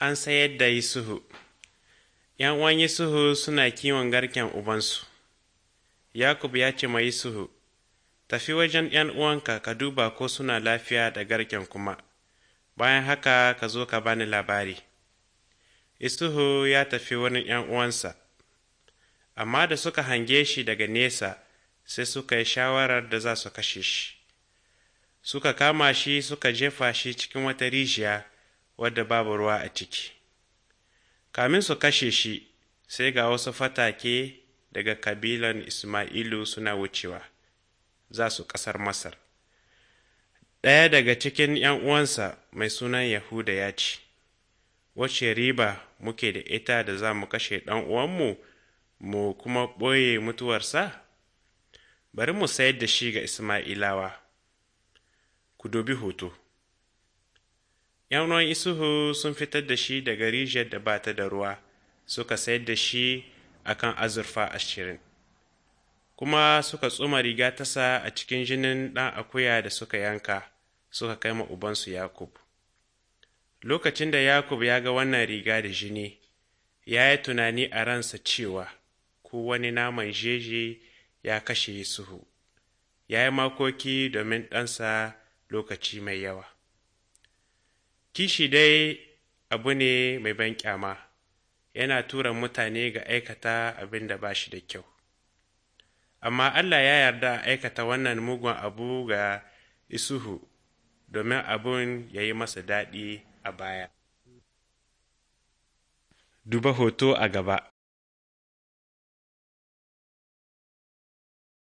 an sayar da Yusufu, ’yan uwan Yusufu suna kiwon garken ubansu. Yakub ya ce ma Yusufu, Tafi wajen ’yan uwanka ka duba ko suna lafiya da garken kuma, bayan haka ka zo ka bani labari. Yusufu ya tafi wani ’yan uwansa, amma da suka hange shi daga nesa sai suka yi shawarar da za su kashe shi. Suka kama shi suka jefa shi cikin wata rijiya. wadda babu ruwa a ciki kamin su kashe shi sai ga wasu fatake daga kabilan ismailu suna wucewa za su ƙasar masar ɗaya daga cikin ‘yan uwansa mai sunan yahuda ya ce wace riba muke da ita da za mu kashe ɗan uwanmu mu kuma ɓoye mutuwarsa bari mu sayar da shi ga ismailawa ku dubi hoto ruwan isuhu sun fitar da shi daga rijiyar da ba ta da ruwa suka sayar da shi a kan azurfa ashirin kuma suka tsuma riga tasa a cikin jinin ɗan akuya da suka yanka suka kai ma ubansu yakub lokacin da yakub ya ga wannan riga da jini ya yi tunani a ransa cewa ko wani naman jeji ya kashe suhu ya yi makoki domin ɗansa lokaci mai yawa kishi dai abu ne mai ban kyama yana tura mutane ga aikata abin da ba shi da kyau amma allah ya yarda a aikata wannan mugun abu ga isuhu domin abun ya yi masa daɗi a baya duba hoto a gaba